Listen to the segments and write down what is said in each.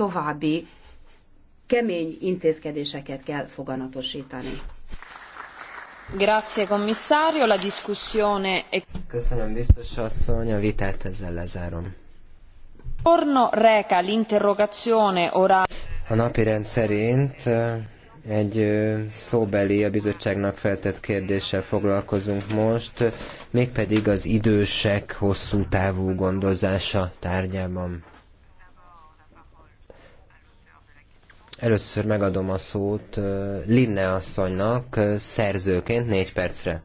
további kemény intézkedéseket kell foganatosítani. Grazie commissario, la discussione è... Köszönöm biztos asszony, a vitát ezzel lezárom. Torno reca l'interrogazione orale. A napirend szerint egy szóbeli, a bizottságnak feltett kérdéssel foglalkozunk most, mégpedig az idősek hosszú távú gondozása tárgyában. Először megadom a szót Linne asszonynak szerzőként négy percre.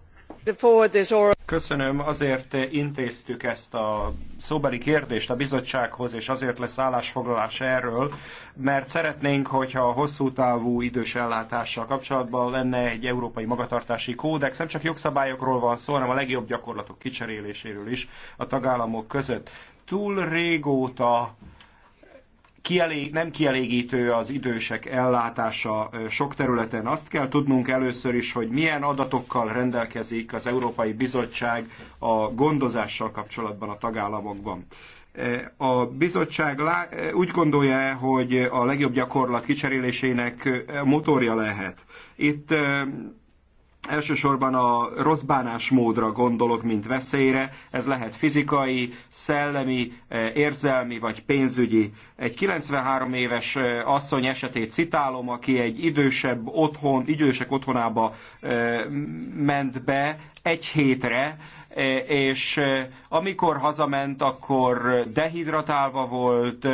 Köszönöm, azért intéztük ezt a szóbeli kérdést a bizottsághoz, és azért lesz állásfoglalás erről, mert szeretnénk, hogyha a hosszú távú idős ellátással kapcsolatban lenne egy európai magatartási kódex, nem csak jogszabályokról van szó, hanem a legjobb gyakorlatok kicseréléséről is a tagállamok között. Túl régóta kielég, nem kielégítő az idősek ellátása sok területen. Azt kell tudnunk először is, hogy milyen adatokkal rendelkezik az Európai Bizottság a gondozással kapcsolatban a tagállamokban. A bizottság úgy gondolja, hogy a legjobb gyakorlat kicserélésének motorja lehet. Itt Elsősorban a rossz bánásmódra gondolok, mint veszélyre. Ez lehet fizikai, szellemi, eh, érzelmi vagy pénzügyi. Egy 93 éves eh, asszony esetét citálom, aki egy idősebb otthon, idősek otthonába eh, ment be egy hétre, és amikor hazament, akkor dehidratálva volt,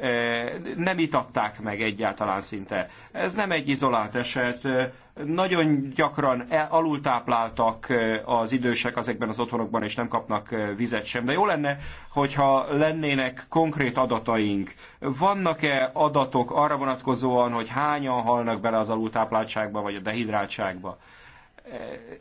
Eh, nem itatták meg egyáltalán szinte. Ez nem egy izolált eset, eh, nagyon gyakran alultápláltak eh, az idősek ezekben az otthonokban, és nem kapnak vizet sem. De jó lenne, hogyha lennének konkrét adataink. Vannak-e adatok arra vonatkozóan, hogy hányan halnak bele az alultápláltságba, vagy a dehidráltságba?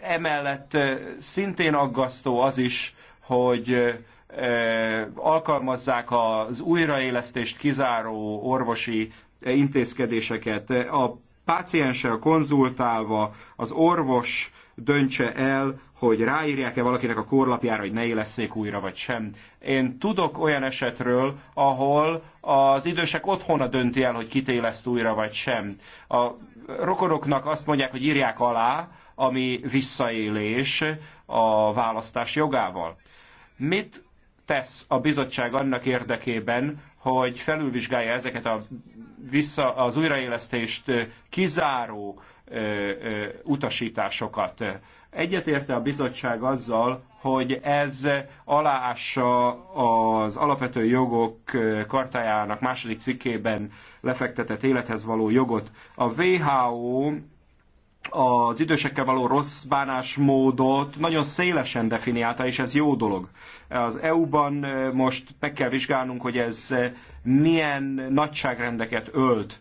Emellett szintén aggasztó az is, hogy Eh, alkalmazzák az újraélesztést kizáró orvosi eh, intézkedéseket. A pácienssel konzultálva az orvos döntse el, hogy ráírják-e valakinek a korlapjára, hogy ne éleszék újra, vagy sem. Én tudok olyan esetről, ahol az idősek otthona dönti el, hogy kit éleszt újra, vagy sem. A rokonoknak azt mondják, hogy írják alá, ami visszaélés a választás jogával. Mit tesz a bizottság annak érdekében, hogy felülvizsgálja ezeket a vissza, az újraélesztést kizáró utasításokat. Egyetérte a bizottság azzal, hogy ez aláássa az alapvető jogok kartájának második cikkében lefektetett élethez való jogot. A WHO az idősekkel való rossz bánásmódot nagyon szélesen definiálta, és ez jó dolog. Az EU-ban most meg kell vizsgálnunk, hogy ez milyen nagyságrendeket ölt.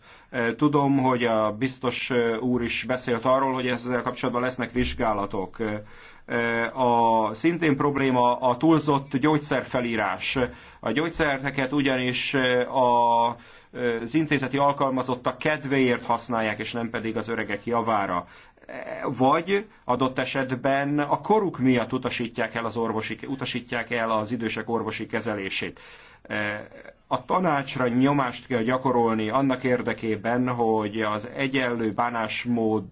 Tudom, hogy a biztos úr is beszélt arról, hogy ezzel kapcsolatban lesznek vizsgálatok. A szintén probléma a túlzott gyógyszerfelírás. A gyógyszereket ugyanis a az intézeti alkalmazottak kedvéért használják, és nem pedig az öregek javára. Vagy adott esetben a koruk miatt utasítják el az, orvosi, utasítják el az idősek orvosi kezelését a tanácsra nyomást kell gyakorolni annak érdekében, hogy az egyenlő bánásmód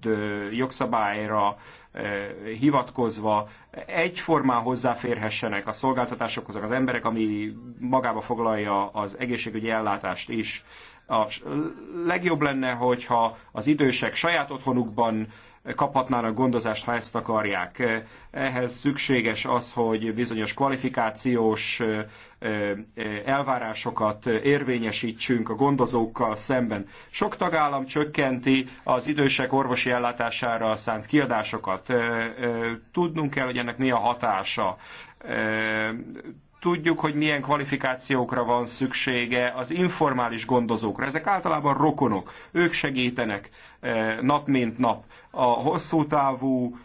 jogszabályra Eh, hivatkozva egyformán hozzáférhessenek a szolgáltatásokhoz az emberek, ami magába foglalja az egészségügyi ellátást is. A legjobb lenne, hogyha az idősek saját otthonukban kaphatnának gondozást, ha ezt akarják. Ehhez szükséges az, hogy bizonyos kvalifikációs elvárásokat érvényesítsünk a gondozókkal szemben. Sok tagállam csökkenti az idősek orvosi ellátására szánt kiadásokat. Tudnunk kell, hogy ennek mi a hatása tudjuk, hogy milyen kvalifikációkra van szüksége az informális gondozókra. Ezek általában rokonok, ők segítenek nap mint nap. A hosszú távú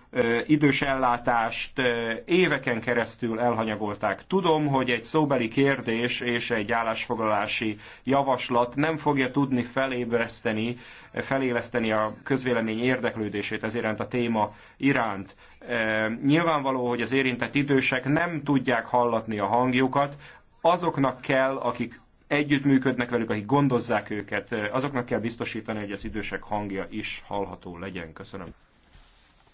idős ellátást éveken keresztül elhanyagolták. Tudom, hogy egy szóbeli kérdés és egy állásfoglalási javaslat nem fogja tudni felébreszteni, feléleszteni a közvélemény érdeklődését ez iránt a téma iránt. Nyilvánvaló, hogy az érintett idősek nem tudják hallatni a hangjukat, azoknak kell, akik együttműködnek velük, akik gondozzák őket, azoknak kell biztosítani, hogy az idősek hangja is hallható legyen. Köszönöm.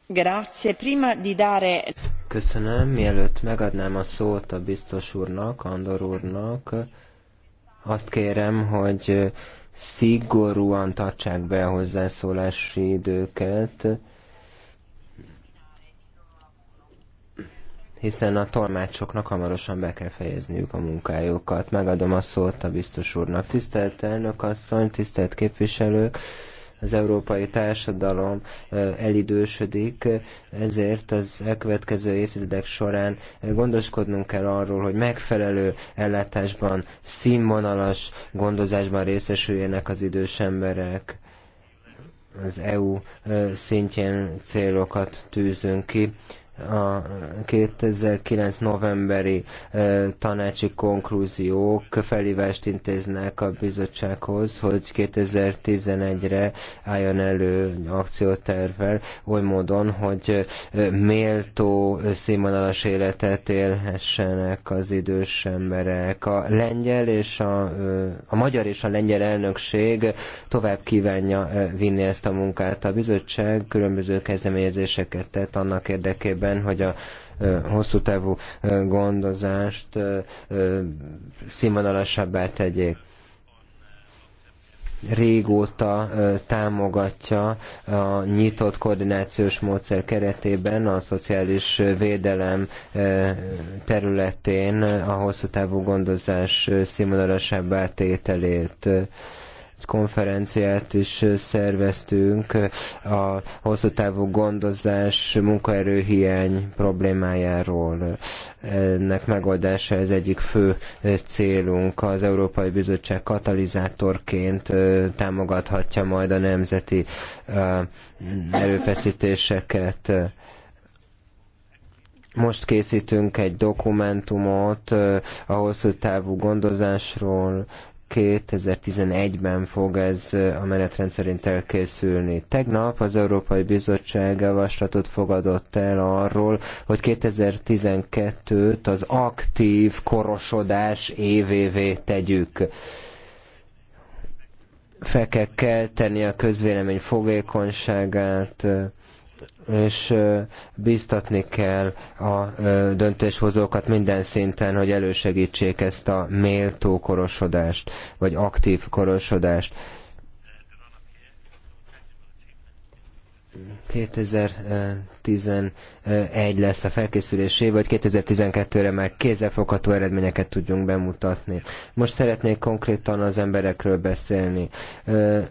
Grazie. Prima di dare... Köszönöm. Mielőtt megadnám a szót a biztos úrnak, Andor úrnak, azt kérem, hogy szigorúan tartsák be a hozzászólási időket. hiszen a tolmácsoknak hamarosan be kell fejezniük a munkájukat. Megadom a szót a biztos úrnak. Tisztelt elnök asszony, tisztelt képviselő, az európai társadalom elidősödik, ezért az elkövetkező évtizedek során gondoskodnunk kell arról, hogy megfelelő ellátásban, színvonalas gondozásban részesüljenek az idős emberek. Az EU szintjén célokat tűzünk ki a 2009 novemberi tanácsi konklúziók felhívást intéznek a bizottsághoz, hogy 2011-re álljon elő akciótervvel, oly módon, hogy méltó színvonalas életet élhessenek az idős emberek. A lengyel és a, a magyar és a lengyel elnökség tovább kívánja vinni ezt a munkát. A bizottság különböző kezdeményezéseket tett annak érdekében, érdekében, hogy a hosszú távú gondozást színvonalasabbá tegyék régóta támogatja a nyitott koordinációs módszer keretében a szociális védelem területén a hosszú távú gondozás színvonalasabbá tételét. Egy konferenciát is szerveztünk a hosszú távú gondozás munkaerőhiány problémájáról. Ennek megoldása ez egyik fő célunk. Az Európai Bizottság katalizátorként támogathatja majd a nemzeti erőfeszítéseket most készítünk egy dokumentumot a hosszú távú gondozásról, 2011-ben fog ez a menetrend szerint elkészülni. Tegnap az Európai Bizottság javaslatot fogadott el arról, hogy 2012-t az aktív korosodás évévé tegyük fel kell kelteni a közvélemény fogékonyságát, és bíztatni kell a döntéshozókat minden szinten, hogy elősegítsék ezt a méltó korosodást, vagy aktív korosodást. 2011 lesz a felkészülésé, vagy 2012-re már kézzelfogható eredményeket tudjunk bemutatni. Most szeretnék konkrétan az emberekről beszélni.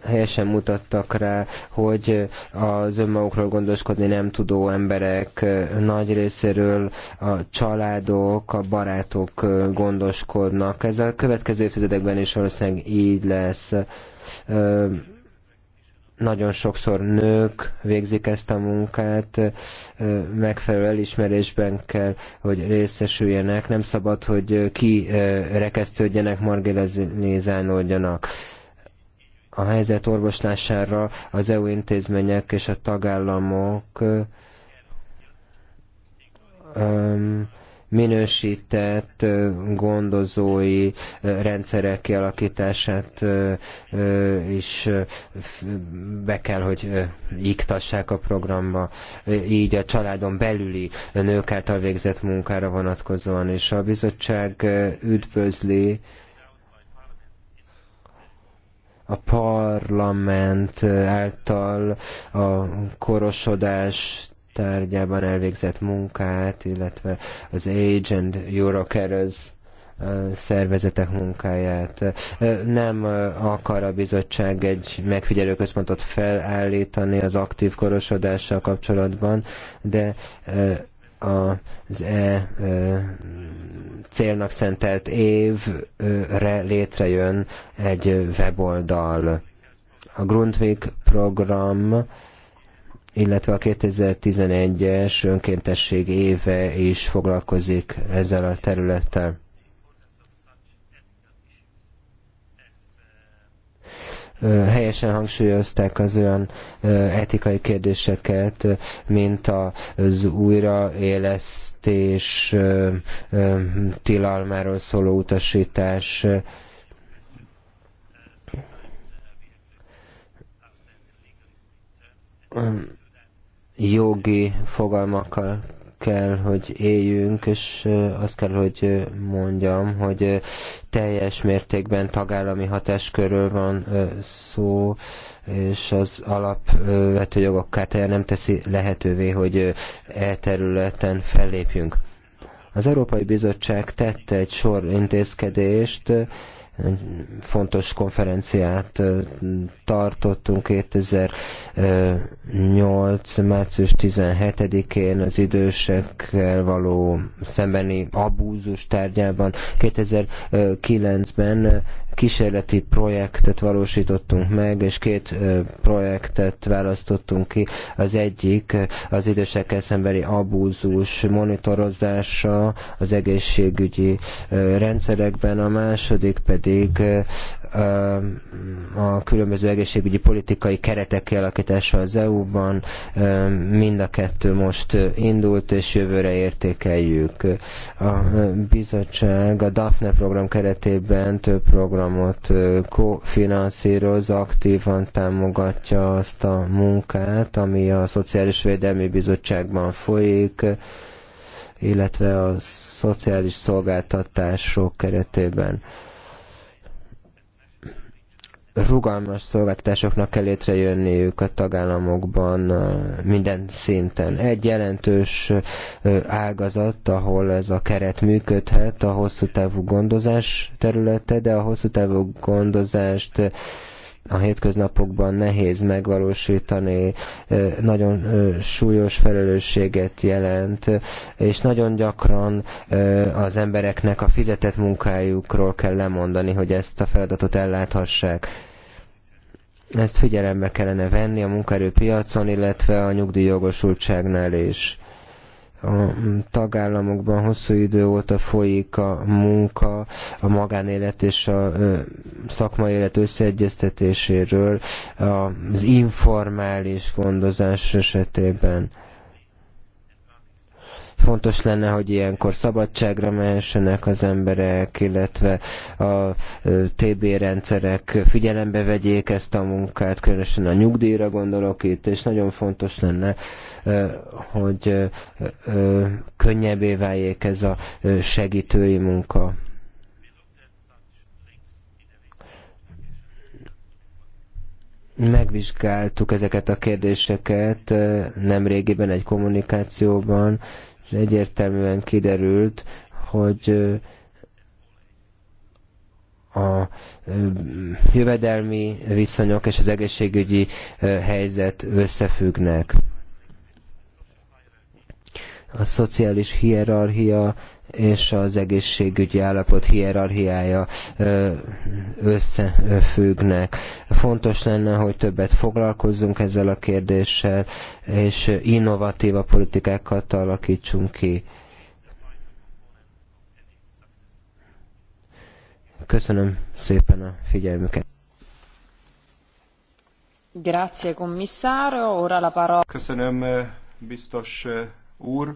Helyesen mutattak rá, hogy az önmagukról gondoskodni nem tudó emberek nagy részéről a családok, a barátok gondoskodnak. Ez a következő évtizedekben is valószínűleg így lesz nagyon sokszor nők végzik ezt a munkát, megfelelő elismerésben kell, hogy részesüljenek, nem szabad, hogy kirekesztődjenek, marginalizálódjanak a helyzet orvoslására az EU intézmények és a tagállamok um, minősített gondozói rendszerek kialakítását is be kell, hogy iktassák a programba, így a családon belüli nők által végzett munkára vonatkozóan, és a bizottság üdvözli a parlament által a korosodás tárgyában elvégzett munkát, illetve az Age and Eurocarers uh, szervezetek munkáját. Uh, nem uh, akar a bizottság egy megfigyelőközpontot felállítani az aktív korosodással kapcsolatban, de az e célnak szentelt évre létrejön egy weboldal. A Grundvik program illetve a 2011-es önkéntesség éve is foglalkozik ezzel a területtel. helyesen hangsúlyozták az olyan etikai kérdéseket, mint az újraélesztés tilalmáról szóló utasítás, um, jogi fogalmakkal kell, hogy éljünk, és azt kell, hogy mondjam, hogy teljes mértékben tagállami hatáskörről van szó, és az alapvető jogok kártája nem teszi lehetővé, hogy e területen fellépjünk. Az Európai Bizottság tette egy sor intézkedést, egy fontos konferenciát tartottunk 2008. március 17-én az idősekkel való szembeni abúzus tárgyában. 2009-ben kísérleti projektet valósítottunk meg, és két projektet választottunk ki. Az egyik az idősekkel szembeni abúzus monitorozása az egészségügyi rendszerekben, a második pedig a különböző egészségügyi politikai keretek kialakítása az EU-ban, mind a kettő most indult, és jövőre értékeljük. A bizottság a DAFNE program keretében több programot kofinanszíroz, aktívan támogatja azt a munkát, ami a Szociális Védelmi Bizottságban folyik, illetve a szociális szolgáltatások keretében rugalmas szolgáltatásoknak kell létrejönniük a tagállamokban minden szinten. Egy jelentős ágazat, ahol ez a keret működhet, a hosszú távú gondozás területe, de a hosszú távú gondozást a hétköznapokban nehéz megvalósítani, nagyon súlyos felelősséget jelent, és nagyon gyakran az embereknek a fizetett munkájukról kell lemondani, hogy ezt a feladatot elláthassák ezt figyelembe kellene venni a munkaerőpiacon, illetve a nyugdíjjogosultságnál is. A tagállamokban hosszú idő óta folyik a munka, a magánélet és a szakmai élet összeegyeztetéséről az informális gondozás esetében Fontos lenne, hogy ilyenkor szabadságra mehessenek az emberek, illetve a TB rendszerek figyelembe vegyék ezt a munkát, különösen a nyugdíjra gondolok itt, és nagyon fontos lenne, hogy könnyebbé váljék ez a segítői munka. megvizsgáltuk ezeket a kérdéseket nemrégiben egy kommunikációban, és egyértelműen kiderült, hogy a jövedelmi viszonyok és az egészségügyi helyzet összefüggnek. A szociális hierarchia és az egészségügyi állapot hierarchiája összefüggnek. Fontos lenne, hogy többet foglalkozzunk ezzel a kérdéssel, és innovatíva politikákat alakítsunk ki. Köszönöm szépen a figyelmüket. Grazie commissario, ora la parola. Köszönöm biztos úr.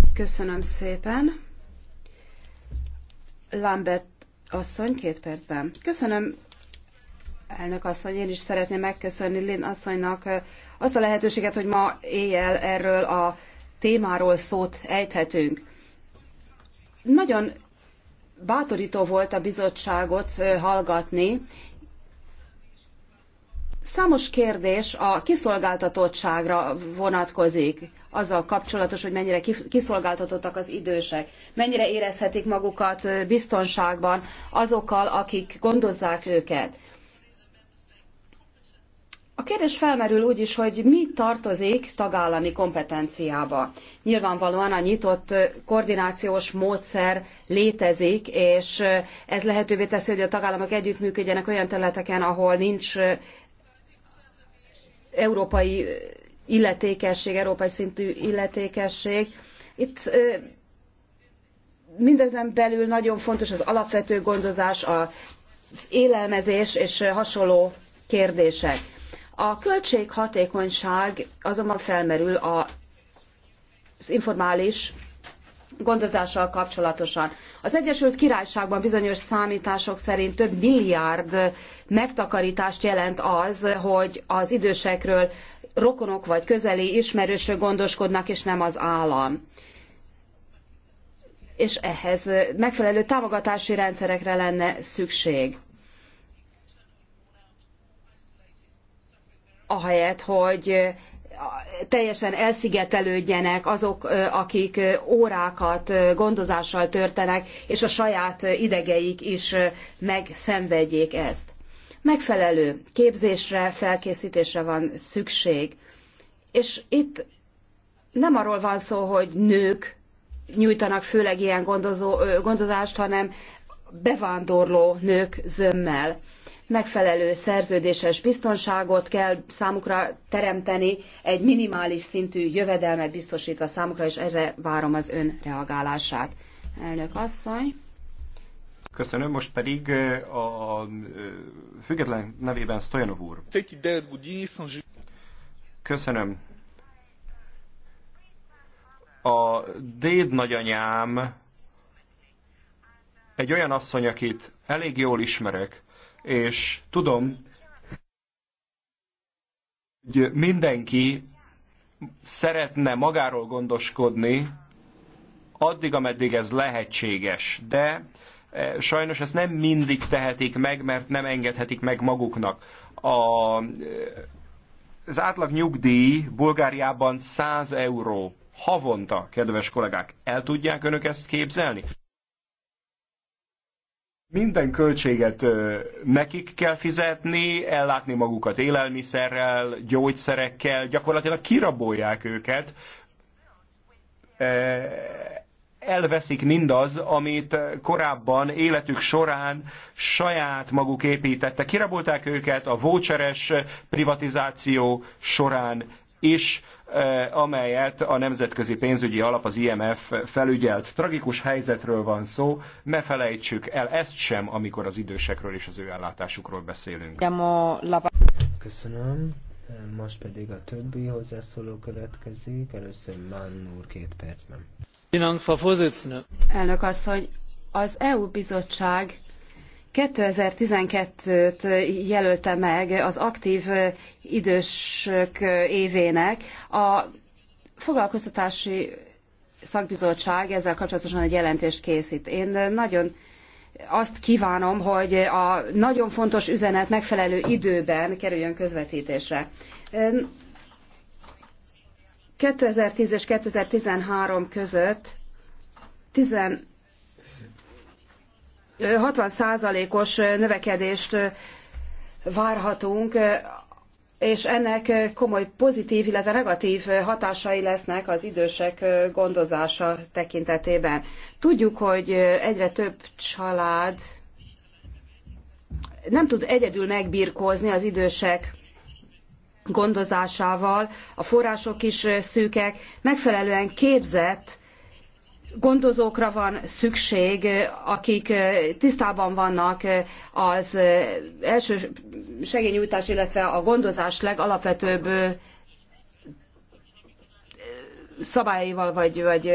Köszönöm szépen. Lambert asszony, két percben. Köszönöm, elnök asszony, én is szeretném megköszönni Lynn asszonynak azt a lehetőséget, hogy ma éjjel erről a témáról szót ejthetünk. Nagyon bátorító volt a bizottságot hallgatni, Számos kérdés a kiszolgáltatottságra vonatkozik, azzal kapcsolatos, hogy mennyire kiszolgáltatottak az idősek, mennyire érezhetik magukat biztonságban azokkal, akik gondozzák őket. A kérdés felmerül úgy is, hogy mi tartozik tagállami kompetenciába. Nyilvánvalóan a nyitott koordinációs módszer létezik, és ez lehetővé teszi, hogy a tagállamok együttműködjenek olyan területeken, ahol nincs európai illetékesség, európai szintű illetékesség. Itt mindezen belül nagyon fontos az alapvető gondozás, az élelmezés és hasonló kérdések. A költséghatékonyság azonban felmerül az informális gondozással kapcsolatosan. Az Egyesült Királyságban bizonyos számítások szerint több milliárd megtakarítást jelent az, hogy az idősekről rokonok vagy közeli ismerősök gondoskodnak, és nem az állam és ehhez megfelelő támogatási rendszerekre lenne szükség. Ahelyett, hogy teljesen elszigetelődjenek azok, akik órákat gondozással törtenek, és a saját idegeik is megszenvedjék ezt. Megfelelő képzésre, felkészítésre van szükség. És itt nem arról van szó, hogy nők nyújtanak főleg ilyen gondozó, gondozást, hanem bevándorló nők zömmel megfelelő szerződéses biztonságot kell számukra teremteni, egy minimális szintű jövedelmet biztosítva számukra, és erre várom az ön reagálását. Elnök asszony. Köszönöm, most pedig eh, a független nevében Stojanov úr. Köszönöm. A déd nagyanyám egy olyan asszony, akit elég jól ismerek, és tudom, hogy mindenki szeretne magáról gondoskodni, addig, ameddig ez lehetséges, de e, sajnos ezt nem mindig tehetik meg, mert nem engedhetik meg maguknak. A, e, az átlag nyugdíj Bulgáriában 100 euró havonta, kedves kollégák. El tudják önök ezt képzelni? Minden költséget nekik kell fizetni, ellátni magukat élelmiszerrel, gyógyszerekkel, gyakorlatilag kirabolják őket, elveszik mindaz, amit korábban életük során saját maguk építettek. Kirabolták őket a voucheres privatizáció során is, Eh, amelyet a Nemzetközi Pénzügyi Alap, az IMF felügyelt. Tragikus helyzetről van szó, ne felejtsük el ezt sem, amikor az idősekről és az ő ellátásukról beszélünk. Köszönöm. Most pedig a többi hozzászóló következik. Először Mann úr két percben. Elnök asszony, az EU bizottság 2012-t jelölte meg az aktív idősök évének. A foglalkoztatási szakbizottság ezzel kapcsolatosan egy jelentést készít. Én nagyon azt kívánom, hogy a nagyon fontos üzenet megfelelő időben kerüljön közvetítésre. 2010 és 2013 között 10 60%-os növekedést várhatunk, és ennek komoly pozitív, illetve negatív hatásai lesznek az idősek gondozása tekintetében. Tudjuk, hogy egyre több család nem tud egyedül megbirkózni az idősek gondozásával, a források is szűkek, megfelelően képzett gondozókra van szükség, akik eh, tisztában vannak eh, az eh, első segélynyújtás, illetve a gondozás legalapvetőbb szabályaival vagy, vagy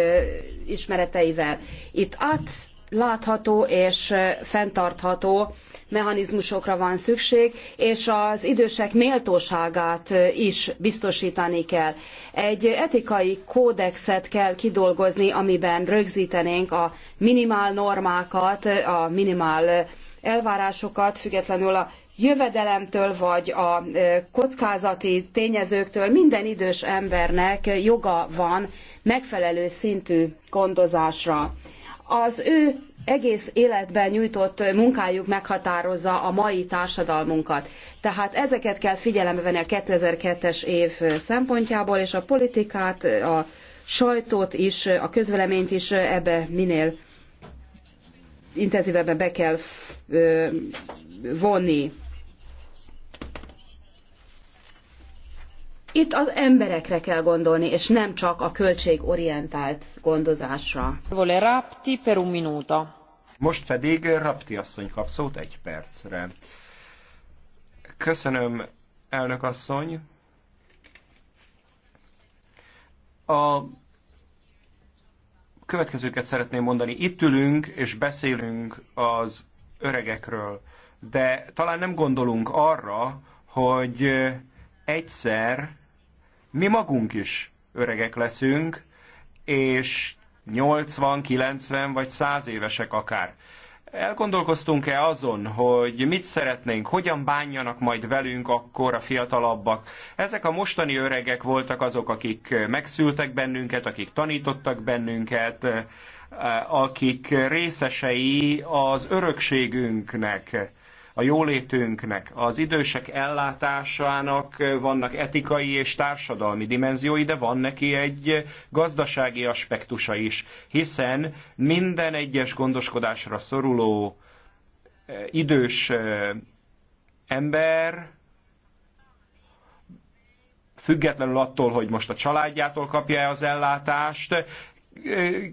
ismereteivel. Itt át látható és fenntartható mechanizmusokra van szükség, és az idősek méltóságát is biztosítani kell. Egy etikai kódexet kell kidolgozni, amiben rögzítenénk a minimál normákat, a minimál elvárásokat, függetlenül a jövedelemtől vagy a kockázati tényezőktől minden idős embernek joga van megfelelő szintű gondozásra. Az ő egész életben nyújtott munkájuk meghatározza a mai társadalmunkat. Tehát ezeket kell figyelembe venni a 2002-es év szempontjából, és a politikát, a sajtót is, a közveleményt is ebbe minél intenzívebben be kell vonni. Itt az emberekre kell gondolni, és nem csak a költségorientált gondozásra. Vole Rapti per un minuto. Most pedig Rapti asszony kap szót egy percre. Köszönöm, elnök asszony. A következőket szeretném mondani. Itt ülünk és beszélünk az öregekről, de talán nem gondolunk arra, hogy egyszer mi magunk is öregek leszünk, és 80, 90 vagy 100 évesek akár. Elgondolkoztunk-e azon, hogy mit szeretnénk, hogyan bánjanak majd velünk akkor a fiatalabbak? Ezek a mostani öregek voltak azok, akik megszültek bennünket, akik tanítottak bennünket, eh, akik részesei az örökségünknek a jólétünknek, az idősek ellátásának vannak etikai és társadalmi dimenziói, de van neki egy gazdasági aspektusa is, hiszen minden egyes gondoskodásra szoruló eh, idős eh, ember függetlenül attól, hogy most a családjától kapja-e az ellátást,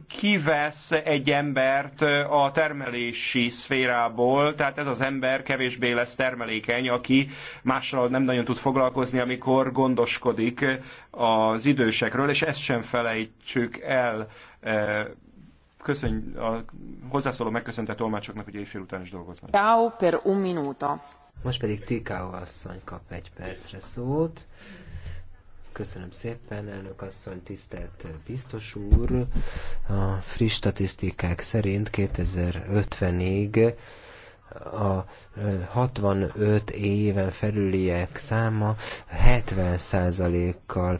kivesz egy embert a termelési szférából, tehát ez az ember kevésbé lesz termelékeny, aki mással nem nagyon tud foglalkozni, amikor gondoskodik az idősekről, és ezt sem felejtsük el. Köszönj, a hozzászóló megköszönte tolmácsoknak, hogy éjfél után is dolgoznak. Ciao per un minuto. Most pedig Tikao asszony kap egy percre szót. Köszönöm szépen, elnök asszony, tisztelt biztos úr. A friss statisztikák szerint 2050-ig a 65 éven felüliek száma 70%-kal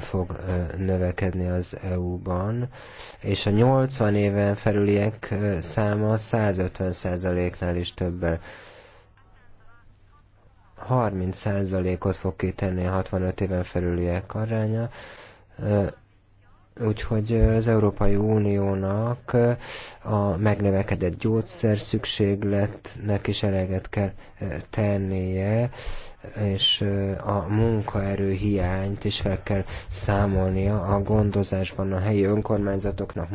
fog növekedni az EU-ban, és a 80 éven felüliek száma 150%-nál is többel 30%-ot fog kitenni a 65 éven felüliek aránya, Úgyhogy az Európai Uniónak a megnövekedett gyógyszer szükségletnek is eleget kell tennie, és a munkaerő hiányt is fel kell számolnia a gondozásban a helyi önkormányzatoknak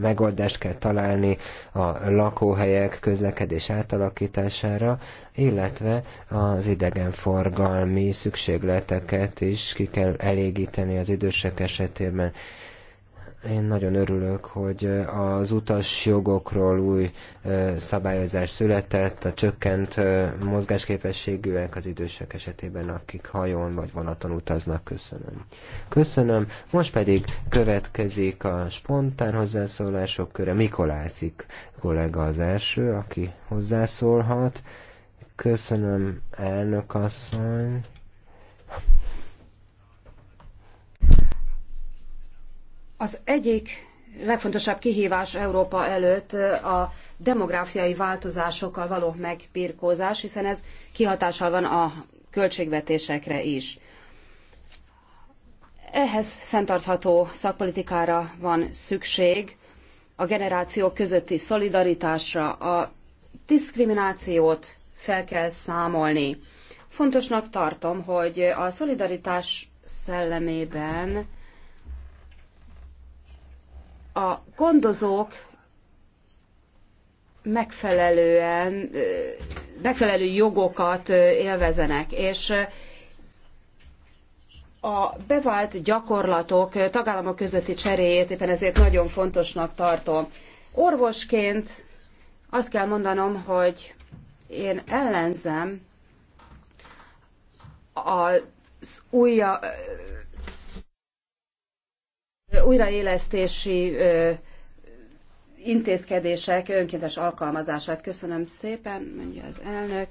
megoldást kell találni a lakóhelyek közlekedés átalakítására, illetve az idegenforgalmi szükségleteket is ki kell elégíteni az idősek esetében. Én nagyon örülök, hogy az utasjogokról jogokról új szabályozás született, a csökkent mozgásképességűek az idősek esetében, akik hajón vagy vonaton utaznak. Köszönöm. Köszönöm. Most pedig következik a spontán hozzászólások köre. Mikolászik kollega az első, aki hozzászólhat. Köszönöm, elnök asszony. Az egyik legfontosabb kihívás Európa előtt a demográfiai változásokkal való megbirkózás, hiszen ez kihatással van a költségvetésekre is. Ehhez fenntartható szakpolitikára van szükség, a generációk közötti szolidaritásra, a diszkriminációt fel kell számolni. Fontosnak tartom, hogy a szolidaritás szellemében a gondozók megfelelően, megfelelő jogokat élvezenek, és a bevált gyakorlatok tagállamok közötti cseréjét éppen ezért nagyon fontosnak tartom. Orvosként azt kell mondanom, hogy én ellenzem az újabb újraélesztési intézkedések önkéntes alkalmazását. Köszönöm szépen, mondja az elnök.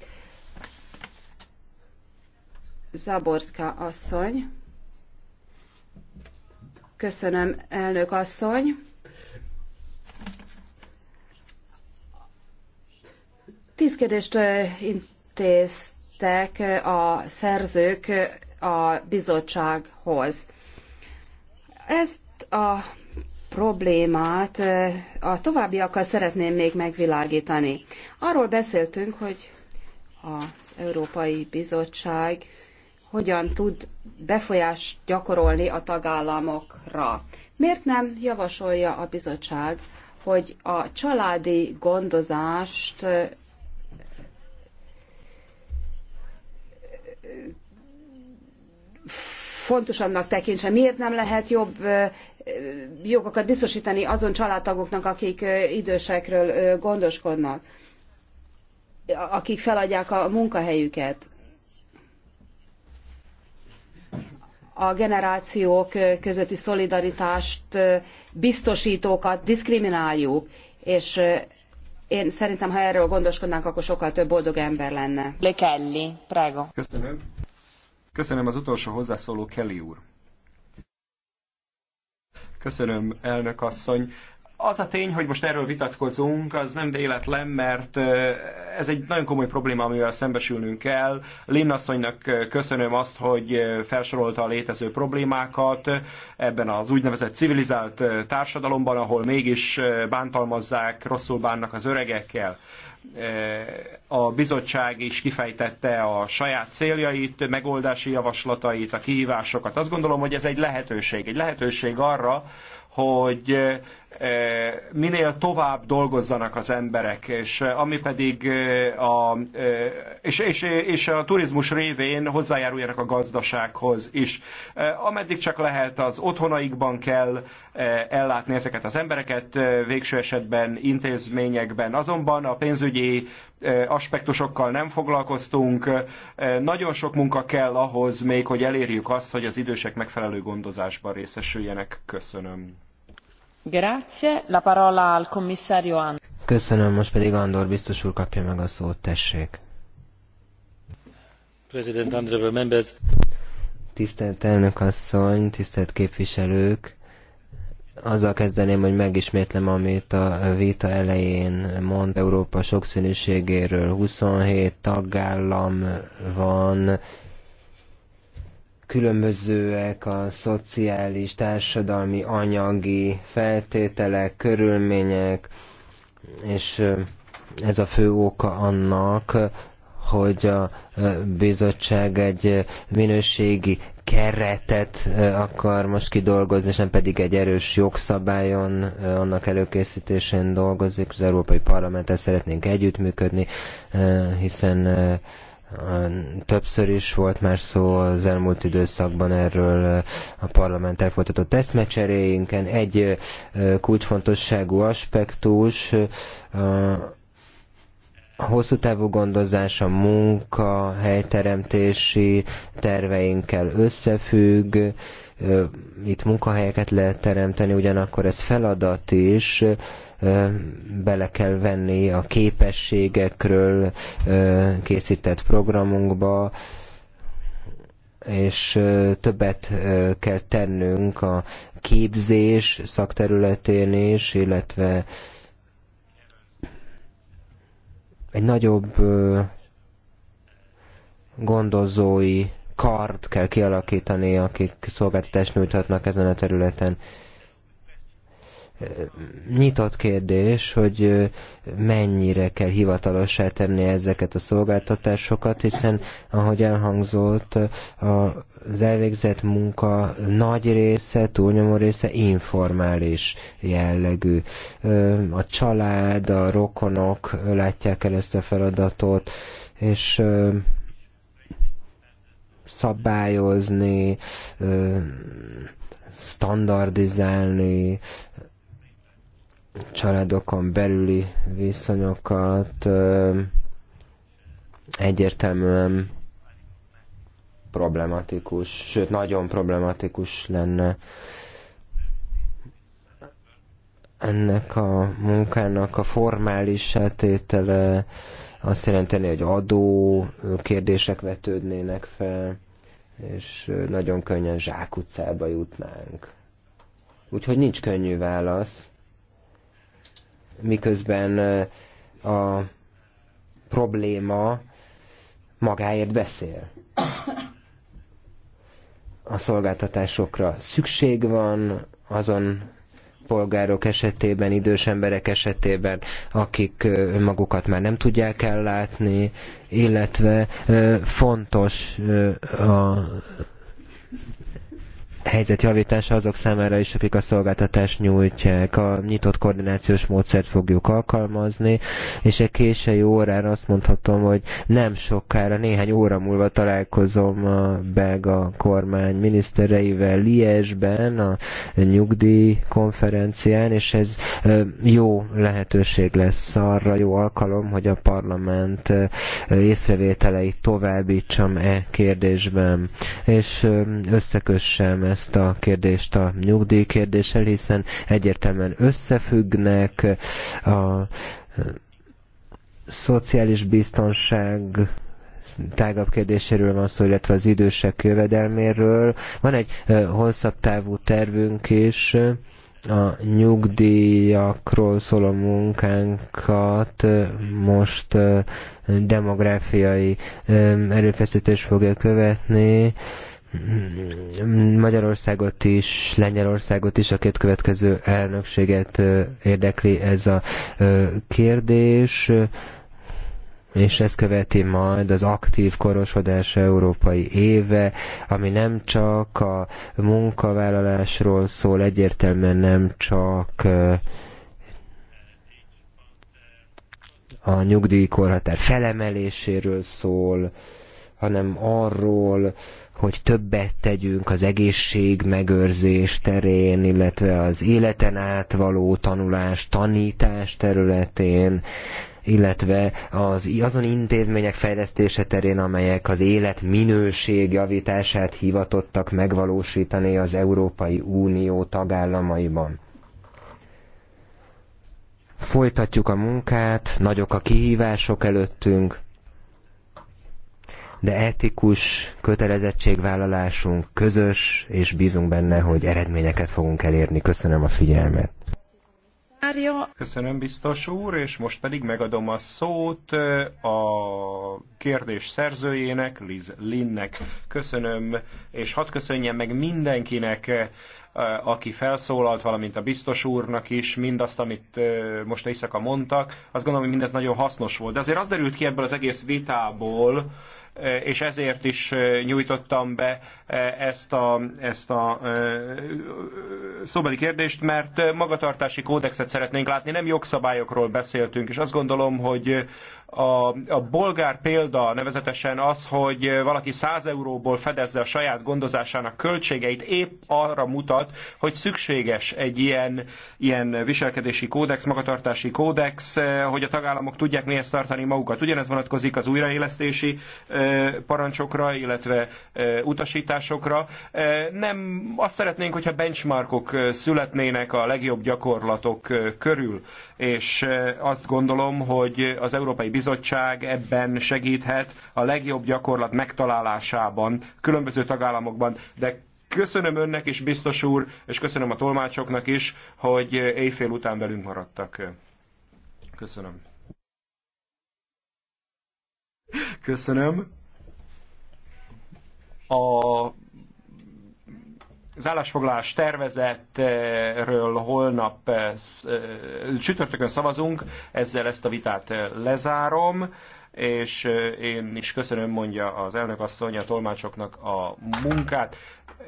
Zaborska asszony. Köszönöm, elnök asszony. Tíz kérdést intéztek a szerzők a bizottsághoz. Ezt a problémát a továbbiakkal szeretném még megvilágítani. Arról beszéltünk, hogy az Európai Bizottság hogyan tud befolyást gyakorolni a tagállamokra. Miért nem javasolja a bizottság, hogy a családi gondozást fontosabbnak tekintse. Miért nem lehet jobb jogokat biztosítani azon családtagoknak, akik idősekről gondoskodnak, akik feladják a munkahelyüket? a generációk közötti szolidaritást biztosítókat diszkrimináljuk, és én szerintem, ha erről gondoskodnánk, akkor sokkal több boldog ember lenne. Le Kelly, prego. Köszönöm. Köszönöm az utolsó hozzászóló Kelly úr. Köszönöm, elnök asszony az a tény, hogy most erről vitatkozunk, az nem véletlen, mert eh, ez egy nagyon komoly probléma, amivel szembesülnünk kell. Linnasszonynak eh, köszönöm azt, hogy eh, felsorolta a létező problémákat ebben az úgynevezett civilizált társadalomban, ahol mégis bántalmazzák, rosszul bánnak az öregekkel a bizottság is kifejtette a saját céljait, megoldási javaslatait, a kihívásokat. Azt gondolom, hogy ez egy lehetőség. Egy lehetőség arra, hogy eh, eh, minél tovább dolgozzanak az emberek, és eh, ami pedig a, és, és, és a turizmus révén hozzájáruljanak a gazdasághoz is. Ameddig csak lehet, az otthonaikban kell ellátni ezeket az embereket, végső esetben intézményekben. Azonban a pénzügyi aspektusokkal nem foglalkoztunk. Nagyon sok munka kell ahhoz még, hogy elérjük azt, hogy az idősek megfelelő gondozásban részesüljenek. Köszönöm. Köszönöm, most pedig Andor biztos úr kapja meg a szót, tessék. President Members. Tisztelt elnök asszony, tisztelt képviselők! Azzal kezdeném, hogy megismétlem, amit a vita elején mond Európa sokszínűségéről. 27 tagállam van, különbözőek a szociális, társadalmi, anyagi feltételek, körülmények, és ez a fő oka annak, hogy a bizottság egy minőségi keretet akar most kidolgozni, és nem pedig egy erős jogszabályon annak előkészítésén dolgozik. Az Európai Parlamenttel szeretnénk együttműködni, hiszen Többször is volt már szó az elmúlt időszakban erről a parlament folytatott eszmecseréinken. Egy kulcsfontosságú aspektus a hosszú távú gondozás a munka, helyteremtési terveinkkel összefügg, itt munkahelyeket lehet teremteni, ugyanakkor ez feladat is, bele kell venni a képességekről készített programunkba, és többet kell tennünk a képzés szakterületén is, illetve egy nagyobb gondozói kart kell kialakítani, akik szolgáltatást nyújthatnak ezen a területen nyitott kérdés, hogy mennyire kell hivatalossá tenni ezeket a szolgáltatásokat, hiszen ahogy elhangzott, az elvégzett munka nagy része, túlnyomó része informális jellegű. A család, a rokonok látják el ezt a feladatot, és szabályozni, standardizálni, családokon belüli viszonyokat egyértelműen problematikus, sőt nagyon problematikus lenne ennek a munkának a formális tétele azt jelenteni, hogy adó kérdések vetődnének fel, és nagyon könnyen zsákutcába jutnánk. Úgyhogy nincs könnyű válasz miközben a probléma magáért beszél. A szolgáltatásokra szükség van, azon polgárok esetében, idős emberek esetében, akik magukat már nem tudják ellátni, illetve fontos a helyzet javítása azok számára is, akik a szolgáltatást nyújtják. A nyitott koordinációs módszert fogjuk alkalmazni, és egy késői órán azt mondhatom, hogy nem sokára, néhány óra múlva találkozom a belga kormány minisztereivel Liesben, a nyugdíj konferencián, és ez jó lehetőség lesz arra, jó alkalom, hogy a parlament észrevételeit továbbítsam e kérdésben, és összekössem ezt a kérdést a nyugdíj kérdéssel, hiszen egyértelműen összefüggnek a szociális biztonság tágabb kérdéséről van szó, illetve az idősek jövedelméről. Van egy hosszabb távú tervünk is, a nyugdíjakról szóló munkánkat most demográfiai erőfeszítés fogja követni, Magyarországot is, Lengyelországot is, a két következő elnökséget érdekli ez a kérdés, és ez követi majd az aktív korosodás európai éve, ami nem csak a munkavállalásról szól, egyértelműen nem csak a nyugdíjkorhatár felemeléséről szól, hanem arról, hogy többet tegyünk az egészség megőrzés terén, illetve az életen át való tanulás, tanítás területén, illetve az azon intézmények fejlesztése terén, amelyek az élet minőség javítását hivatottak megvalósítani az Európai Unió tagállamaiban. Folytatjuk a munkát, nagyok a kihívások előttünk, de etikus kötelezettségvállalásunk közös, és bízunk benne, hogy eredményeket fogunk elérni. Köszönöm a figyelmet. Köszönöm biztos úr, és most pedig megadom a szót a kérdés szerzőjének, Liz Linnek. Köszönöm, és hadd köszönjem meg mindenkinek, aki felszólalt, valamint a biztos úrnak is, mindazt, amit most éjszaka mondtak. Azt gondolom, hogy mindez nagyon hasznos volt. De azért az derült ki ebből az egész vitából, Eh, és ezért is eh, nyújtottam be eh, ezt a, ezt a szóbeli kérdést, mert magatartási kódexet szeretnénk látni, nem jogszabályokról beszéltünk, és azt gondolom, hogy a, a bolgár példa nevezetesen az, hogy valaki 100 euróból fedezze a saját gondozásának költségeit, épp arra mutat, hogy szükséges egy ilyen, ilyen viselkedési kódex, magatartási kódex, eh, hogy a tagállamok tudják mihez tartani magukat. Ugyanez vonatkozik az újraélesztési eh, parancsokra, illetve eh, utasításokra. Nem azt szeretnénk, hogyha benchmarkok születnének a legjobb gyakorlatok körül, és azt gondolom, hogy az Európai Bizottság bizottság ebben segíthet a legjobb gyakorlat megtalálásában, különböző tagállamokban, de köszönöm önnek is, biztos úr, és köszönöm a tolmácsoknak is, hogy éjfél után velünk maradtak. Köszönöm. Köszönöm. A az állásfoglalás tervezetről holnap eh, eh, csütörtökön szavazunk, ezzel ezt a vitát eh, lezárom, és én is köszönöm, mondja az elnök asszony a tolmácsoknak a munkát,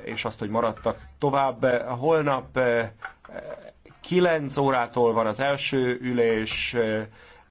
és azt, hogy maradtak tovább. Holnap 9 órától van az első ülés,